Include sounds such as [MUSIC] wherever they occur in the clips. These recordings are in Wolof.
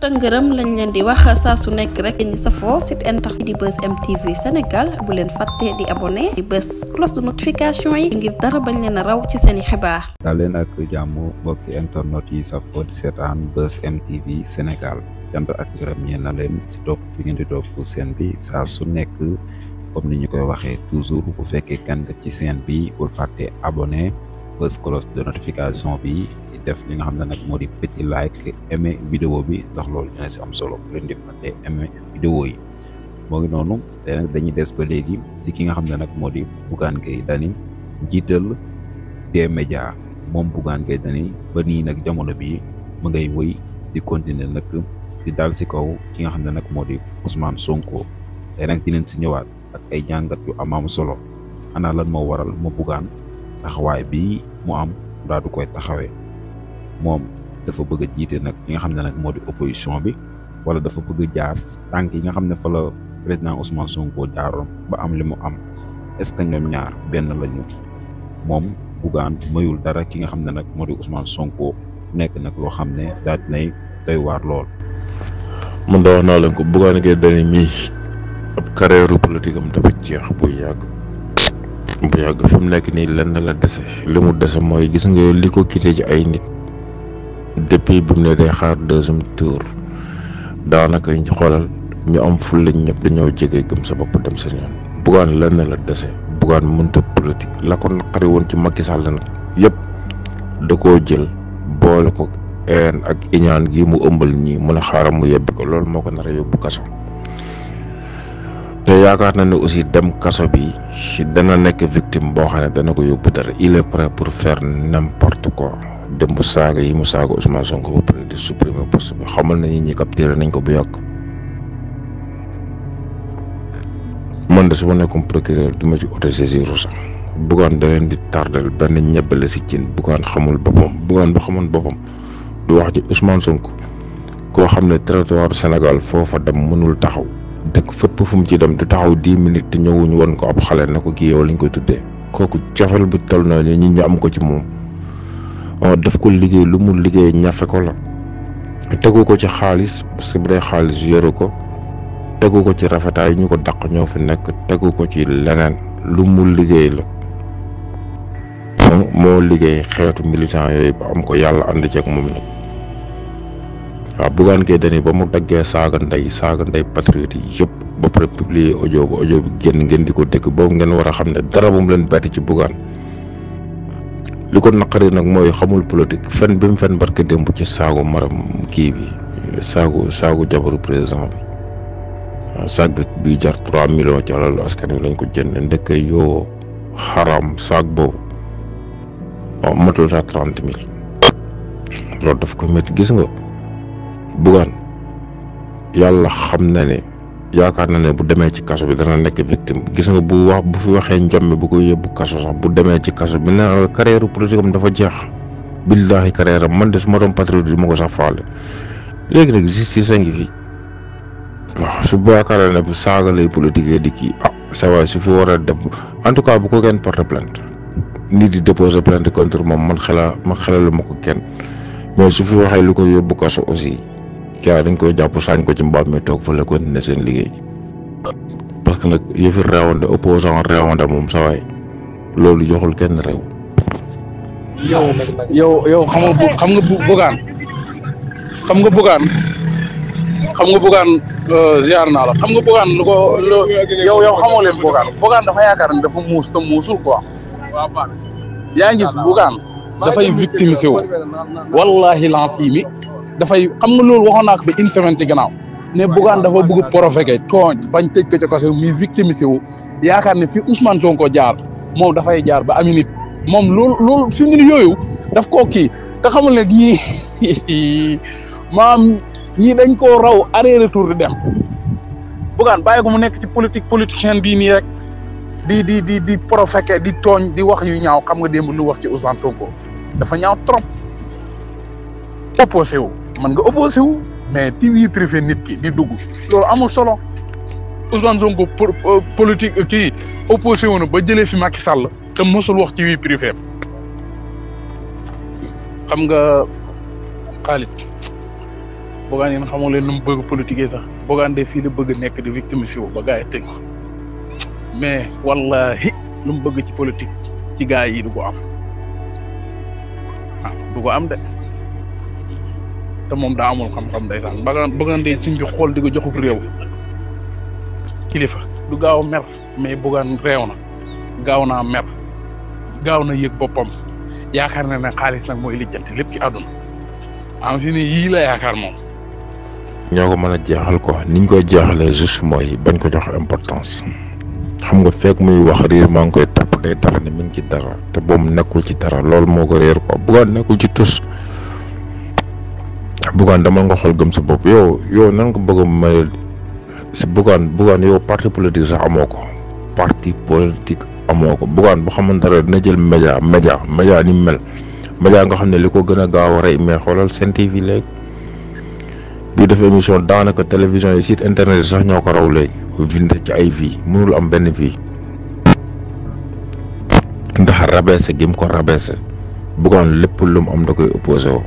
tëngërëm lañ leen di wax saa su nekk rek foo safoo site internet di bës MTV Sénégal bu leen fàtte di abonné di bës cloche de notification yi ngir dara bañ leen a raw ci seen i xibaar. daal leen ak jàmm mbokki internet yi safoo di seetaan bës MTV Sénégal jant ak gërëm ñeen na leen si topp bi ngeen di topp seen bi saa su nekk comme ni ñu koy waxee toujours bu fekkee kan ci seen bi bul fàtte abonné bës cloche de notification bi. def li nga xam ne nag moo di petit like aimé vidéo bi ndax loolu dina si am solo bu leen di fàtte aimé vidéo yi moo ngi noonu te nag dañuy des ba léegi si ki nga xam ne nag moo di Bougane Gueye Dany njiital D-Media moom Bougane Gueye Dany ba nii nag jamono bii ma ngay wëy di continuer nag di daal si kaw ki nga xam ne nag moo di Ousmane Sonko te nag dinañ si ñëwaat ak ay jàngat yu amaam solo ana lan moo waral mu Bougane taxawaay bi mu am daa du koy taxawee moom dafa bëgg a jiite nag li nga xam ne nag moo di opposition bi wala dafa bëgg jaar tànk yi nga xam ne fa la président Ousmane Sonko jaaroon ba am li mu am est-ce que ñoom ñaar benn lañu moom Bougane mayul dara ki nga xam ne nag moo di Ousmane Sonko nekk nag loo xam ne daal nay doy waar lool. man da wax naa leen ko Bougane Gueye Dany mii ab carrière politique am dafa jeex bu yàgg. bu yàgg fi mu nekk nii lenn la dese li mu dese mooy gis nga li ko quitté ci ay nit. depuis bi mu ne day xaar deuxième tour daanaka ñu xoolal ñu am ful lañ ñëpp dañoo jege gëm sa bopp dem sa ñoon Bougane lan la dese Bougane mënta politique la ko naqari woon ci Macky Sall nag yëpp da koo jël boole ko een ak iñaan gi mu ëmbal ñii mun a xaaral mu yebbi ko loolu moo ko nar a yóbbu kaso te yaakaar na ne aussi dem kaso bi dana nekk victime boo xam ne dana ko yóbbu dara il est prêt pour faire n'importe quoi dem bu saga yi mu saaga Ousmane Sonko ba pare di supprimer post bi xamal nañu ñi capturé nañ ko bu yok man da suma nekum procureur duma ci autosaisir sax gon da len di tardel ben ñebale ci cin gon xamul bu gon bu xamone bopam du wax ci Ousmane Sonko ko xamne ne territoire Sénégal fofa dem mënul taxaw dekk fepp fu mu ci dem du taxaw 10 minutes te ñëwuñu ko ab xalé na ko yow lañ ko tuddé koku jafal bu toll na ni ñi am ko ci mom Oh, daf ko liggéey lu mu liggéey ñafe ko la tegu ko ci xaalis parce que bu dee xaalis ko tegu ko ci rafetaay ñu ko dàq ñoo fi nekk tegu ko ci leneen lu mu liggéey la moo liggéey xeetu militant yooyu ba am ko yàlla ànd ceeg moom nag waaw buggaan kee dani ba mu daggee saaga ndey saaga ndey patriote yi yëpp ba pare publier audio ba audio bi génn ngeen di ko dégg boobu ngeen war a dara bu leen bett ci li ko naqari nag mooy xamul politique fen bi mu fen barke démb ci saagu maram kii bi saagu saagu jabaru président bi ah, saag bi bi jar trois millions ci askan wi lañ ko jënd ndekk yoo xaram saag boobu waaw ah, matul sax trente loolu daf ko métti gis nga bugaan yàlla xam na ne yaakaar na ne bu demee ci kaso bi dana nekk victime gis nga bu wax bu fi waxee njomme bu ko yóbbu kaso sax bu demee ci kaso bi nee carrière politique am dafa jeex billaahi carrière am man de su ma doon patriote du ma ko sax faale léegi nag justice a ngi fi waaw su bu yaakaar bu saaga lay politique di kii ah sa waay su fi war def en tout cas bu ko kenn porte plainte nit di déposer plainte contre moom man xelaa man xelaluma ko kenn mais su fi waxee lu ko yóbbu kaso aussi. gaa dañ koy jàpp saañ ko ci mbaam mi toog fa la continuer seen liggéey parce que nag yëfi réewande opposant réewande moom sawaay loolu joxul kenn réew. yow yow yow xam nga xam nga xam nga bugaan xam nga bugaan euh, ziar naa la xam nga bugaan yow yow xamoo leen bugaan bugaan dafa yaakaar ne dafa muus te muusul quoi yaa ngi gis bugaan dafay victimiser wu wallaahi lancé fay xam nga lool waxoon nak fi une semaine ci gannaaw ne Bougane dafa bëgg provoquer togn bañ tëj ko ci kaso muy victimisé wu yaakar ne fi Ousmane Sonko jaar da fay jaar ba ami nit moom lool loolu fi ñu yoyu daf ko ki ta xamul ne ñii [LAUGHS] maam ñii dañ ko raw aller retour di dem bugan bàyyi ko mu nekk ci politique politicien bi ni rek di di di di provoquer di togn di wax yu ñaaw xam nga dem lu wax ci Ousmane Sonko dafa ñaaw trop opposé wu man nga opposé wu mais ci wii privé nit ki di dugg loolu amul solo Ousmane Sonko politique euh, kii opposé wu na ba jëlee fi Macky sàll ta mosul wax ci wii privé xam nga Khalid Bougane yéen xamoo leen nu mu bëgg politique sax Bougane de fii la bëgg nekk di victime si ba gars yi tëj ko mais wallahi lu mu bëgg ci politique ci gars yi du ko am ah ko am de. te moom da amul xam-xam ndeysaan ba ba nga dee suñ bi xool di ko joxub réew kilifa du gaaw mer mais bugaan réew na gaaw naa mer gaaw na yëg boppam yaakaar na ne xaalis nag mooy lijjanti lépp ci àdduna am fi ne yii la yaakaar moom ñoo ko mën a jeexal ko niñ koy jeexalee juste mooy bañ ko jox importance xam nga fekk muy wax réer maa ngi koy day tax ne mi ngi ci dara te boobu nekkul ci dara loolu moo ko réer ko bugaan nekkul ci tous Bougane dama nga xool gëm sa bopp yow yow nan nga bëgg a mayal si Bougane Bougane yow parti politique sax amoo ko parti politique amoo ko buggaan bu xamante ne dina jël média média média ni mel média nga xam ne li ko gën a gaaw a rey mais xoolal Sen TV léegi bu def émission daanaka télévision yi sit internet sax ñoo ko raw léegi vinde ci ay vie mënul am benn vie ndax rabaisse gi mu ko rabaisse Bougane lépp lu mu am da koy opposé woo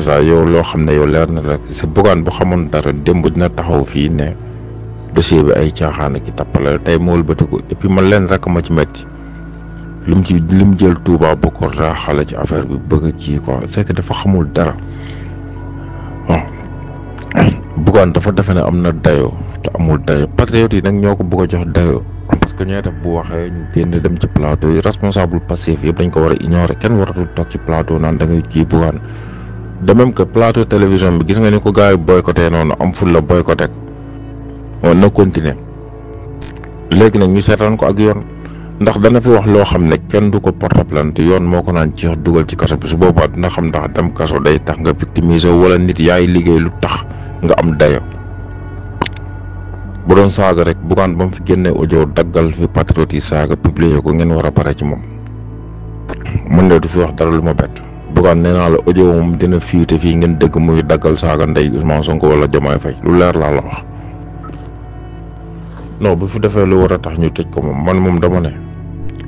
dèjà yow lo xamné yow leer na rek sa bugaan bu xamone dara dembu dina taxaw fi né dossier bi ay tiaxana ki tapal tay mool wëlbatiku et puis ma leen rek ma ci metti lim ci lim jël touba bu ko raaxale ci affaire bi bëgg ci quoi c'est que dafa xamul dara waaw [COUGHS] bugaan dafa defe ne am na te amul dayo patriote yi nak ñoko bëgg jox dayo parce que ñoy def bu waxé ñu génn dem ci plateau yi responsable passif yëpp dañ ko wara ignorer kenn waratul tok ci plateau nan da ngay ci de même que plateau télévision bi gis nga ni ko gaay yi boycotté noonu am ful la boycotté ko on na continuer légui nak ñu sétan ko ak yoon ndax dana fi wax lo xam ne kenn du ko porte plainte yoon moko ko naan ci dugal ci kasso bi su bobu na xam ndax dam kasso day tax nga victimiser wala nit yaay liggéey lu tax nga am dayo bu doon saga rek bu kan bam fi génnee audio daggal fi patriotisme saga publier ko ngeen wara paré ci mom mën du fi wax dara lu ma bukan nena naa la audio moom dina fii te fii ngeen dëgg muy daggal saaga ndey Ousmane Sonko wala Diomaye Faye lu leer laa la wax no bu fi defee lu wara a tax ñu tëj ko moom man mom dama ne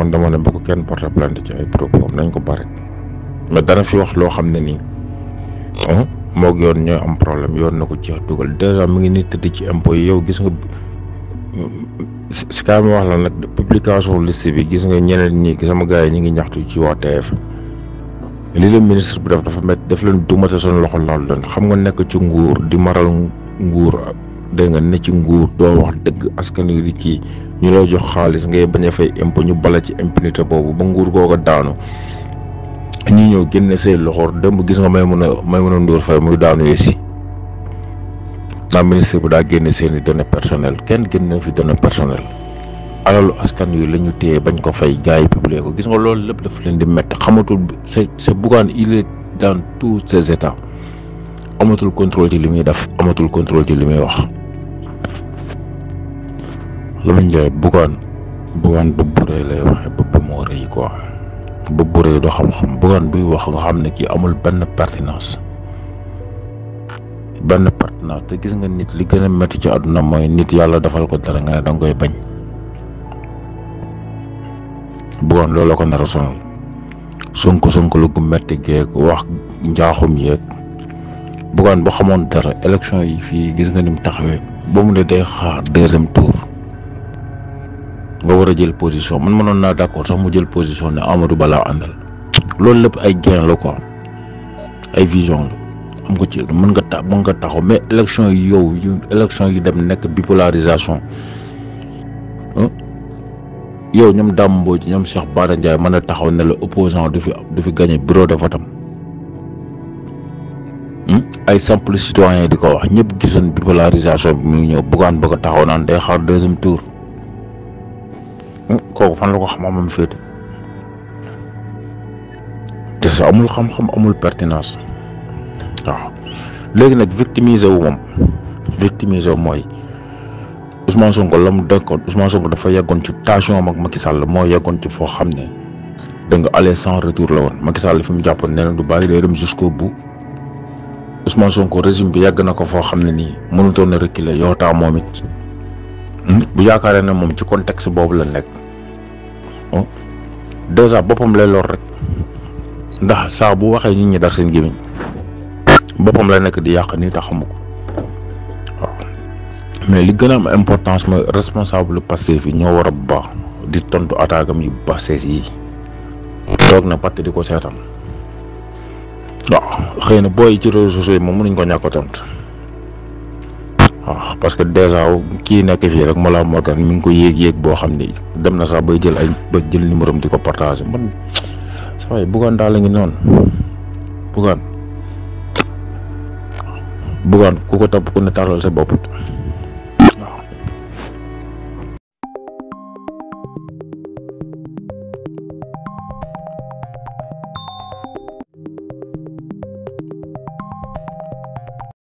man dama ne bu ko kenn porte plainte ci ay propos am nañ ko bare mais dana fi wax lo xam ne nii moog yoon ñooy am problème yoon na ko ci dugal dèjà mi ngi ni tëdd ci impôt yi yow gis nga si kaay ma wax la nak publication liste bi gis nga ñeneen ñi sama gaay ñi ngi ñaxtu ci wa TFM li la ministre bi def dafa met daf leen dumate seen loxo lool leen xam nga nekk ci nguur di maral nguur dégg nga ne ci nguur doo wax dëgg askan wi di ñu lay jox xaalis ngay bañ a fay impôt ñu bala ci impunité boobu ba nguur googa daanu ñi ñëw génne say loxoor démb gis nga may mën a may mën a nduur fay muy daanu yesi ndax ministre bi daa génne seeni données personnel kenn génne fi données personnelles alal askan yu lañu téé bañ ko fay gaay publié ko gis nga loolu lepp daf leen di metti xamatul c'est bougan il est dans tous ses états amatul contrôle ci limi muy def amatul contrôle ci limi muy wax lama njaay bougan bougan bu buré lay waxe bu bu mo quoi ko bu buré do xam xam bougan buy wax nga xam amul ben pertinence ben pertinence te gis nga nit li gëna metti ci aduna moy nit yalla defal ko dara nga dang koy bañ loolu la ko nar son sonal sonko sonko lu gu metti geeg wax njaaxum yeeg buggoon ba xamoon dara élection yi fii gis nga ni mu taxawee ba mu ne day xaar deuxième tour nga war a jël position man mënoon naa d'accord sax mu jël position ne amatu balaa laa àndal loolu lépp ay gain la quoi ay vision la xam nga ci mën nga ta mën nga taxaw mais élection yi yow yu élection yi dem nekk bipolarisation yow ñoom Dame Mbodj ñoom Cheikh Bara Ndiaye mën a taxaw ne la opposant du fi du fi gagné bureau de vote am hmm? ay simple citoyen di ko wax ñëpp gisoon bipolarisation bi muy ñëw buggaan bëgg a taxaw naan day xaar deuxième tour hmm? kooku fan la ko xam amam féete te sa amul xam amul pertinence waaw léegi nag victimiser wu moom victimiser wu mooy Ousmane Sonko lam mu Ousmane Sonko dafa yeggoon ci tension am ak Macky Sall mo yeggoon ci fo xamne ne da nga aller sans retour la won Macky Sall fimu mu neena du bari day dem jusqu'au bout Ousmane Sonko régime bi yag na ko foo xam ne nii na reculer yow taa moom hmm? bu yakare na mom ci contexte bobu la nekk oh? déjà bopam lay lor rek ndax sa bu waxe nit ñi dar seen gémmiñ bopam la nek di yak ni taxamuko mais li gëna am importance mo responsable passif yi ñoo war ba di tontu atagam yu basees yi tok na patte di sétam seetaan xeyna boy ci réseau sociaux mo mënuñ ko ñako a tontu waaw parce que déjà ki nekk fi rek Mollah Morgan mi ngi ko yéeg yéeg bo xamni dem na sax bay jël ay ba jël numéro di partager man saa yi bugaan daal la ngi noonu bugaan bugaan ku ko topp ku ne sa bopp.